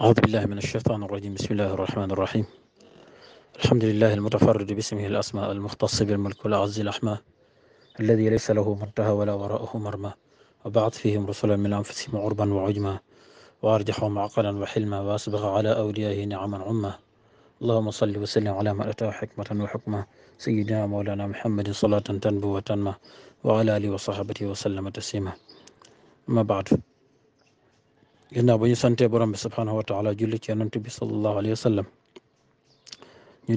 أعوذ بالله من الشيطان الرجيم بسم الله الرحمن الرحيم الحمد لله المتفرد باسمه الأسماء المختص بالملك الأعز الأحمى الذي ليس له منتهى ولا وراءه مرمى وبعث فيهم رسلا من أنفسهم عربا وعجما وأرجحهم عقلا وحلما وأسبغ على أوليائه نعما عما اللهم صل وسلم على من أتى حكمة وحكمة سيدنا مولانا محمد صلاة تنبو وتنمى وعلى آله وصحبه وسلم تسليما أما بعد ginnaaw ba ñu santee borom bi subhaanahu wa taala julli ci yonent bi sallallahu alayhi wa sallam ñu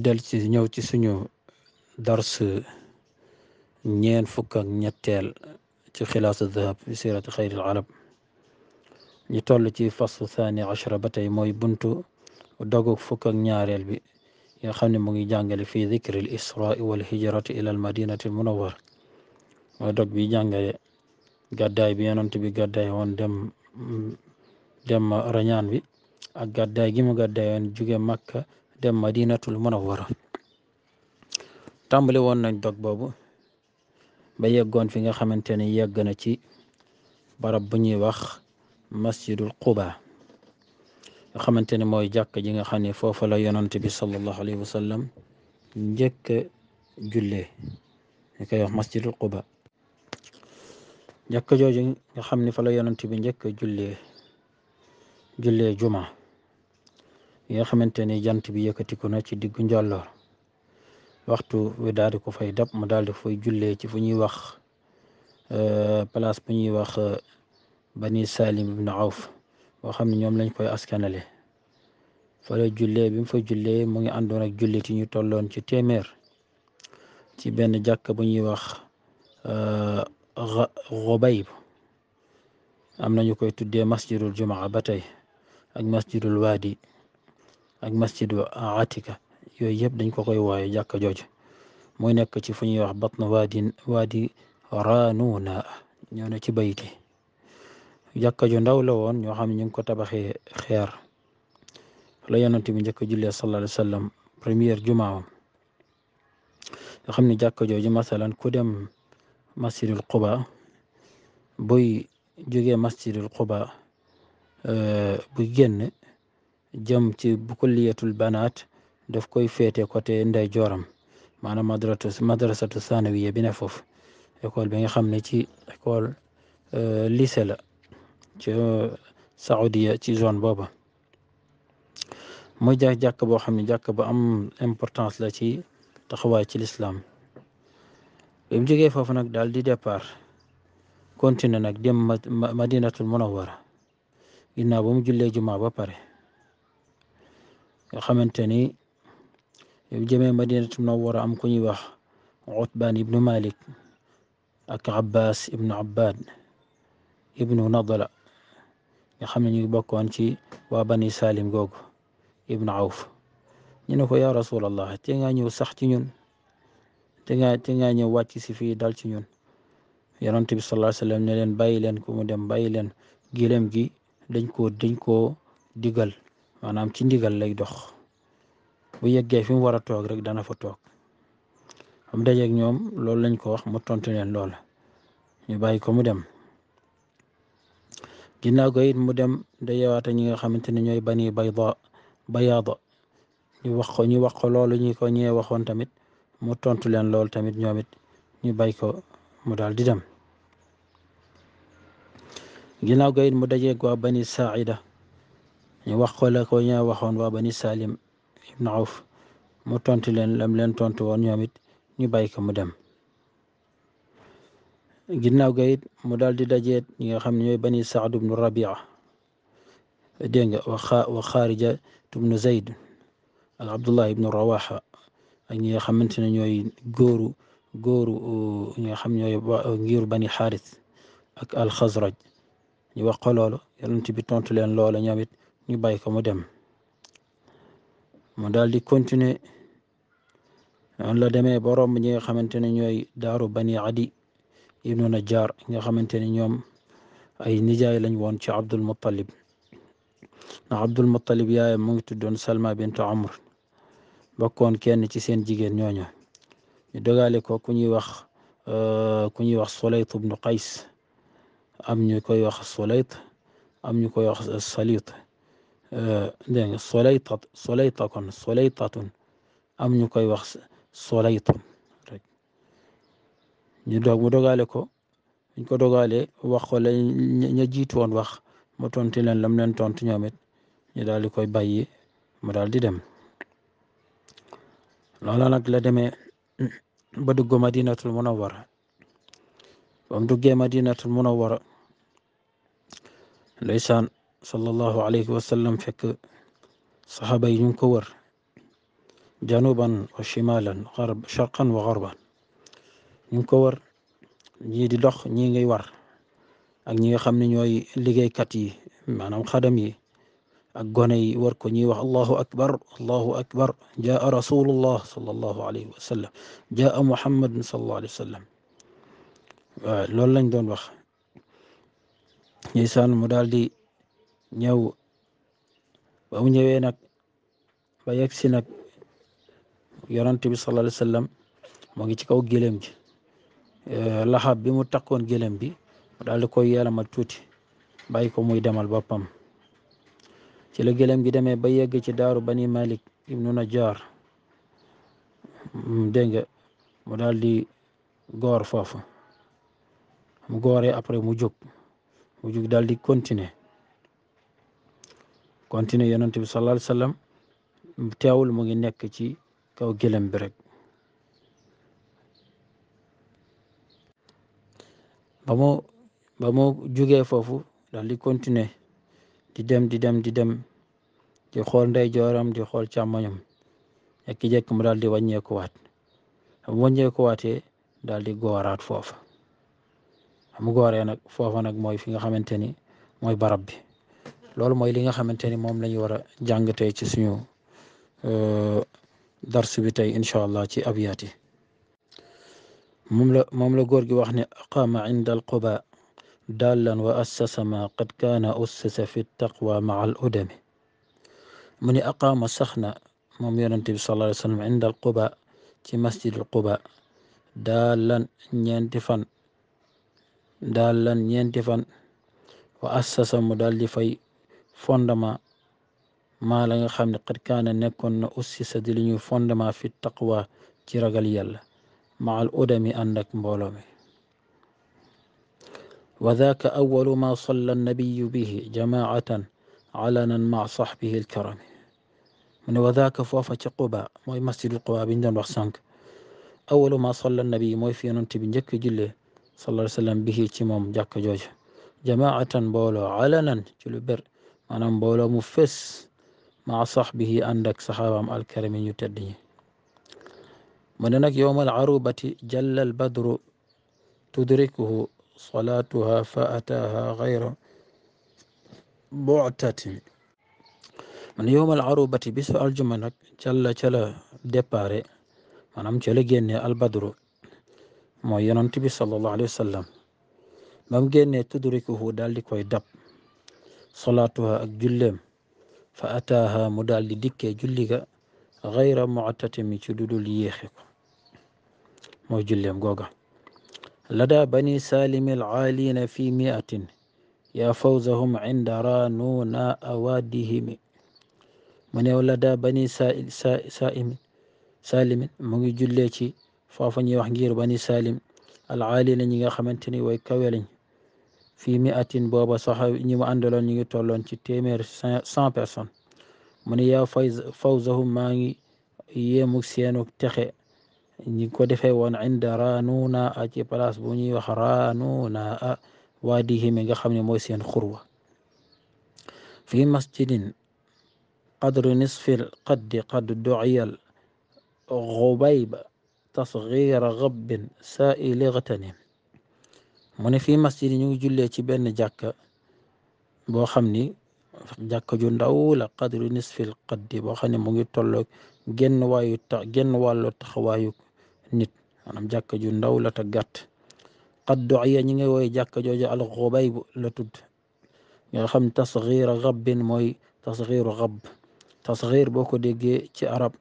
ñëw ci suñu dars ñeen fukk ñetteel ci xilaasu dahab fi sirati xayril arab ñu toll ci fas thani achra ba tey mooy buntu dogu fukk ñaareel bi yoo xam ne mu ngi jàngale fii dikri l israi wal hijrati ila al madinati al munawwar dog bi jàngale gàddaay bi yonent bi gàddaay woon dem dem rañaan bi ak gàddaay gi mu gàddaayoon jóge Makka dem Madinatul Munawwara tàmbali woon nañ dog boobu ba yeggoon fi nga xamante ni yegg na ci barab bu ñuy wax masjidul quba nga xamante ne mooy jàkk ji nga xam ne foofa yonant bi sallallahu alayhi wa koy wax masjidul quba jàkk jooju nga xam ne fa la yonant bi njëkk jullee julle juma yi nga xamante jant bi ko na ci diggu njolloor waxtu wi daal di ko fay dab mu daal di fay julle ci fu ñuy wax place bu ñuy wax bani salim ibn auf boo xamni ñom lañ koy askanale fa la julle bi mu fa julle mu ngi andon ak julle ti ñu tollon ci témèr ci ben jàkk bu ñuy wax euh am nañu koy tuddee masjidul jumaa ba ak masjidul waadi ak masjidu atika yooyu yëpp dañ ko koy wooye jàkka jooju mooy nekk ci fu ñuy wax batna waadin waadi raanuna ñoo ne ci bayti jàkka ju ndaw la woon ñoo xam ne ñu ngi ko tabaxee xeer la yonent bi njëkk jullee sallallahu alayhi wa sallam première jumaawam nga xam ne jàkka jooju masalan ku dem masjidul quba buy jógee masjidul quba Eh, bu génn jëm ci bu kulliyatul banaat daf koy féete côté ndey jooram maanaam madratu madrasatu sanawiya bi ne foofu école bi nga xam ne ci école eh, lycée la ci Saoudia ci zone booba muy jax jàkk boo xam ne jàkk bu am importance la ci taxawaay ci lislaam bi mu foofu nag daal di départ continuer nag dem madinatul munawwara ginnaaw ba mu jullee jumaa ba pare nga xamante ni yow jëmee madinatu munawwara am ku ñuy wax utbaan ibnu malik ak abbas ibnu abbad ibnu nadala nga xam ne ñu ngi bokkoon ci waa bani salim googu ibnu awf ñu ne ko yaa rasulallah te ngaa ñëw sax ci ñun te ngaa te ngaa ñëw wàcc si fii dal ci ñun yonent bi sallallahu alayhi ne leen bàyyi leen ku mu leen gilem gi dañ koo dañ koo digal maanaam ci ndigal lay dox bu yeggee fi mu war a toog rek dana fa toog am dajeeg ñoom loolu lañ ko wax mu tontu leen lool ñu bàyyi ko mu dem ginnaaw ko it mu dem dajewaate ñi nga xamante ne ñooy bani bayda bayaada ñu wax ko ñu wax ko loolu ñi ko ñee waxoon tamit mu tontu leen loolu tamit ñoomit ñu bàyyi ko mu daal di dem ginnaaw ga it mu dajeeg waa bani saida ñu wax ko ñaa waxoon waa bani salim ibn awf mu tontu leen lam leen tontu woon ñoom it ñu bàyyi ko mu dem ginnaaw ga mu daal di dajeet ñi nga xam ne ñooy bani saad ibnu rabia dégg nga wa xaarija ibnu zayd ak abdullah ibnu rawaxa ak ñi nga xamante ne ñooy góoru góoru uh, ñi nga xam ñooy uh, ngiru bani xaaris ak alxazraj ñu wax ko loolu yonent bi tontu leen loola ñoom it ñu bàyyi ko mu dem mu daal di continue noonu la demee borom ñi nga xamante ne ñooy daaru bani adi ibnu najjar nga xamante ne ñoom ay nijaay lañ woon ci abdul muttalib ndax abdul muttalib yaayam mu ngi tuddoon salma bintu amr bokkoon kenn ci seen jigéen ñooñu ñu dogale ko ku ñuy wax euh, ku ñuy wax solaytu bnu qays am ñu koy wax solayt am ñu koy wax salit dégg nga solaytat solayta kon solaytatun am ñu koy wax solaytun rek ñu doog mu dogale ko ñu ko dogalee wax ko la ña jiitu wax mu tonti leen lam leen tontu ñoom it ñu daal di koy bàyyi mu daal di dem loola nag la demee ba dugg madinatul munawwara ba mu duggee madinatul munawwara العيسان صلى الله عليه وسلم فك صحابين ينكور جنوبا وشمالا غرب شرقا وغربا ينكور ني دي دوخ ني غي وار اك نيغا خامني نيوي ليغي كات يي مانام خادم يي اك غوناي وار كو ني واخ الله اكبر الله اكبر جاء رسول الله صلى الله عليه وسلم جاء محمد صلى الله عليه وسلم لول لا ندون واخ ñiisaan mu daal di ñëw ba mu ñëwee nag ba yegg si nag yonante bi sal alai sallam moo ngi ci kaw gélém ji eh, laxab bi mu takkoon gélém bi mu daal di koy yalamal tuuti bàyyi ko muy demal boppam ci la gélém gi demee ba yegg ci daaru bani malik ibnu na jaar mm, dégg mu daal di goor foofu mu goore après mu jóg mu jug daal di continuer continuer yonent bi sallallahu teewul mu ngi nekk ci kaw gëlëm bi rek ba mu ba mu jugee foofu daal di continuer di dem di dem di dem di xool ndey jooram di xool càmmoñam ak ki jekk mu daal di wàññeekuwaat ba mu wàññeekuwaatee daal di gooraat foofu mu gooree nag foofa nag mooy fi nga xamante ni mooy barab bi loolu mooy li nga xamante ni moom la ñu war a jàng tey ci suñu darsu bi tey incha allah ci abiyaat yi moom la moom la góor gi wax ne aqaama inda al quba daallan wa assasa ma qad kaana ussisa fi taqwa maa al udami mu ni aqaama sax na moom yonente bi sallallahu alayhi wa sallam inda al quba ci masjidul quba daallan ñeenti fan daal lan ñeenti fan wa assasa mu daal di fay fondement maa la nga xam ne qad kaana nekkoon na ussisa di li ñuy fondement fi taqwa ci ragal yàlla maal udami ànd ak mbooloo mi wa daaka awalu ma salla annabiyu bihi jamaatan alanan maa saxbihi alkarami mu ne wa daaka foofa ci quba mooy masjidu quba bi ñu doon wax sànq awalu ma salla annabiyu mooy fi yonent bi njëkk jullee sallallahu alayhi wa sallam bihi ci moom jàkka jooju jamaatan mbooloo alanan ci lu ber maanaam mbooloo mu fés maa sahbihi ànd ak saxaabaam alkarami ñu tedd ñi mu ne nag yowmal arubati jalla al badru tudrikuhu salaatuha fa ataaha gayra bu'tatin man yowmal arubati bisu aljuma nag jalla ca la déparé maanaam ca la génne albadru mooy yonent bi sallallahu alayhi wa sallam ba mu génnee tudrikuhu dab solaatuha ak julleem fa ataaha mu daal di julliga xayra muatatimi ci dudul yéexi ko mooy julleem googa ladaa bani saalimi alcaaliina fi miatin yaa fawzahum cinda raanuuna awaadihimi mu neew ladaa bani saalimi saalimin mu ngi jullee فافني وحنجير بني سالم العالي لن يغا خمنتني ويكاولن في مئة بابا صحاب ني ما اندلون ني تولون تي تيمير 100 بيرسون من يا فوز فوزهم ماغي يمو سينو تخي ني كو ديفاي وون عند رانونا اجي بلاص بو ني وخ رانونا وادي هي ميغا خامني مو سين خروا في مسجد قدر نصف القد قد دعيل غبيبه tasxiira rabbin saa'ili gatani mu ne fii masjid yi ñu ngi jullee ci benn jàkka boo xam ni jàkka ju ndaw la qadru nisfil qaddi boo xam ne mu ngi tolloog genn waayu ta genn wàllu taxawaayu nit maanaam jàkka ju ndaw la te gàtt qaddu ya ñi ngay wooye jàkka jooju al xubayb la tudd nga xam tasxiira rabbin mooy tasxiiru rab tasxiir boo ko déggee ci arab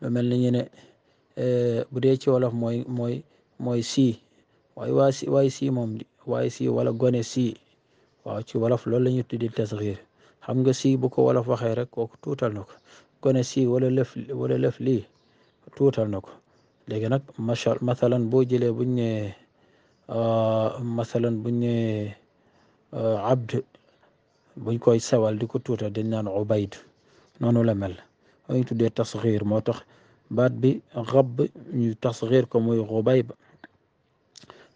lu mel ni ñu Eh, bu dee ci wolof mooy mooy mooy sii waaye waa si waaye sii moom waaye sii wala gone sii waaw ci wolof loolu la ñu tuddi tasxiir xam nga sii bu ko wolof waxee rek kooku tuutal na ko gone sii wala lëf wala lëf lii tuutal na ko léegi nag macha masalan boo jëlee buñ ne ah, masalan buñ ne ah, abd buñ koy sawal di ko tuutal dañ naan ubayd noonu la mel dañuy tuddee tasxiir moo tax baat bi xabb ñu tasxiir ko muy xubayba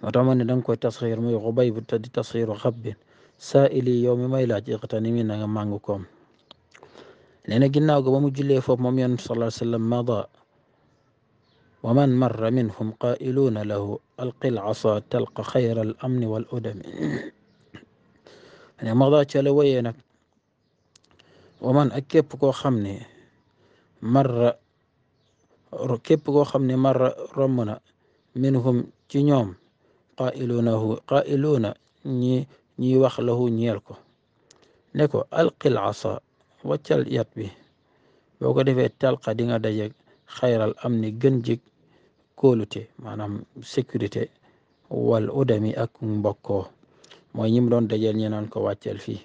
moo tax ma ne danga koy tasxiir muy xubayba te di tasxiiru xabbin saa'ili yow mi may laaj iqtanimi na nga màng koom nee na ginnaaw ga ba mu jullee foofu moom yonent sallallahu alayhi wa sallam mada wa man marra minhum qailuuna lahu alqil asa talqa xayra al amni wal udami ne mada ca la wayee nag wa man ak képp koo xam ne marra képp koo xam ne marra romb na minhum ci ñoom qailuunahu qailuuna ñi ñiy wax lahu ñeel ko ne ko alqil asa waccal yat wi boo ko defee tal di nga dajeg xayral am ni gën jig kóolute maanaam sécurité wal udami ak mbokkoo mooy ñim doon dajeel ñi naan ko wàcceel fii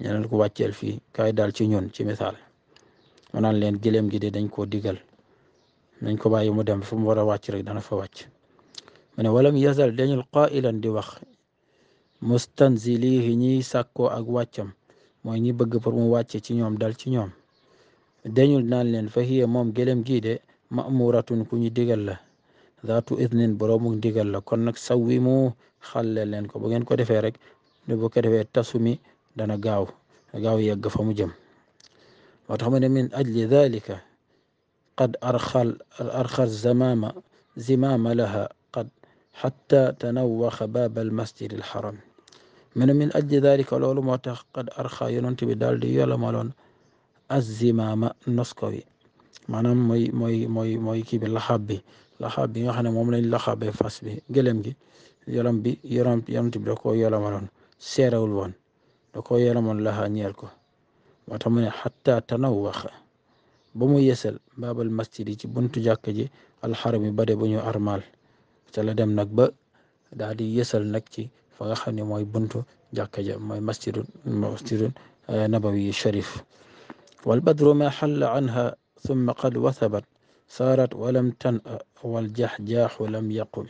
ñi naan ko wàcceel fii kaay daal ci ñun ci misaal mu naan leen gëléem gi dañ koo digal nañ ko bàyyi mu dem fu mu war a wàcc rek dana fa wàcc mu ne walam yazal dañul qailan di wax mustanzilihi ñiy sàkkoo ak wàccam mooy ñi bëgg pour mu wàcce ci ñoom dal ci ñoom deñul naan leen fa hiya moom gëlem gii de mamuratun ku ñu digal la zaatu idnin boroomu digal la kon nag sawwi mu xàlle leen ko bu ngeen ko defee rek bu ko defee tasumi dana gaaw gaaw yegg fa mu jëm moo tax min ajli dalika قد أرخى أرخى الزمام زمام لها قد حتى تنوخ باب المسجد الحرام من من أجل ذلك العلماء قد أرخى ينونت بدال دي يلمالون الزمام نسكوي maanaam mooy mooy mooy mooy kii bi laxaab bi laxaab bi nga xam ne moom lañ laxaabee fas bi gëlëm gi yolam bi yoram yonent bi da koo yolamaloon seerewul woon da koo yolamoon laxaa ñeel ko moo tax mu ne xatta tanawaxa ba mu yeesal baabal masjid yi ci buntu jàkk ji alxaram yi bare bu ñu armaal la dem nag ba daal di yeesal nag ci fa nga xam ne mooy buntu jàkk ja mooy masjidun masjidun eh, nabawi sharif walbadru ma xalla anha summa qad wasabat saarat walam tan a waljaxjaaxu lam yaqum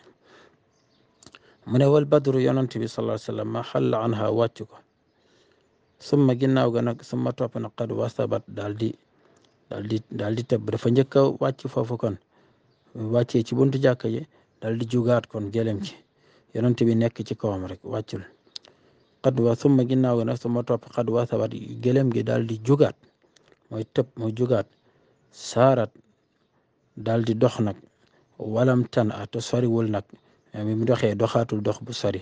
mu ne walbadru yonent bi salaa sallam ma xalla anha wàcc ko summa ginnaaw ga nag summa topp na qad wasabat daal di daal di daal di tebb dafa njëkk wàcc foofu kon wàccee ci buntu jàkka ji daal di jugaat kon gëlem ci yonent bi nekk ci kawam rek wàccul xadwa summa ginnaaw gi nag suma topp xadwa sabat gëlem gi daal di jugaat mooy tëb mooy jugaat sarat daal di dox nag walam tan a te soriwul nag mi mu doxee doxaatul dox bu sori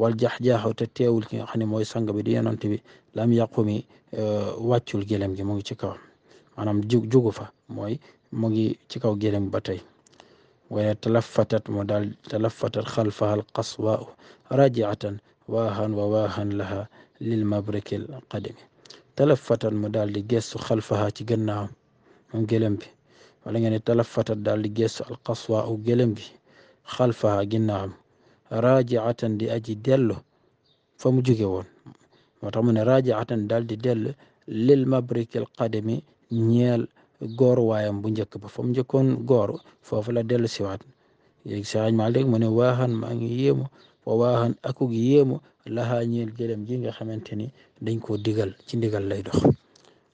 wal jax-jaaxaw te teewul ki nga ne mooy sang bi di yonent bi lam yàqu mi euh, wàccul gëlem gi mu ngi ci kawam maanaam jug jugu fa mooy mu ngi ci kaw gëlëm ba tey waaye talafatat mu daal talafatat xalfaha alqaswaau rajiatan waahan wa waahan laha lil mabrikil qadimi talafatat mu daal di gestu xalfaha ci gannaawam moom gëlëm bi wala nga ne talafatat daal di gestu alqaswaau gëlëm bi xalfaha ginnaawam rajiatan di aji dellu fa mu jóge woon moo tax mu ne rajiatan daal di dellu lil mabrikil qadimi ñeel góor waayam bu njëkk ba fa mu njëkkoon góor foofu la dellu siwaat léegi Sëriñ Maalik mu ne waaxan maa ngi yéemu wa waaxan akug yéemu laxaa ñeel gëlëm ji nga xamante ni dañ koo digal ci ndigal lay dox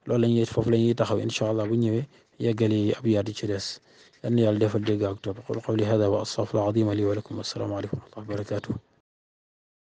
loolu la ñuy foofu la ñuy taxaw incha allah bu ñëwee yeggale yi ab yaatu ci des yal na yàlla defal dégg ak topp qul qawli hada wa astaghfirullah al-azim li wa lakum wassalaamu aleykum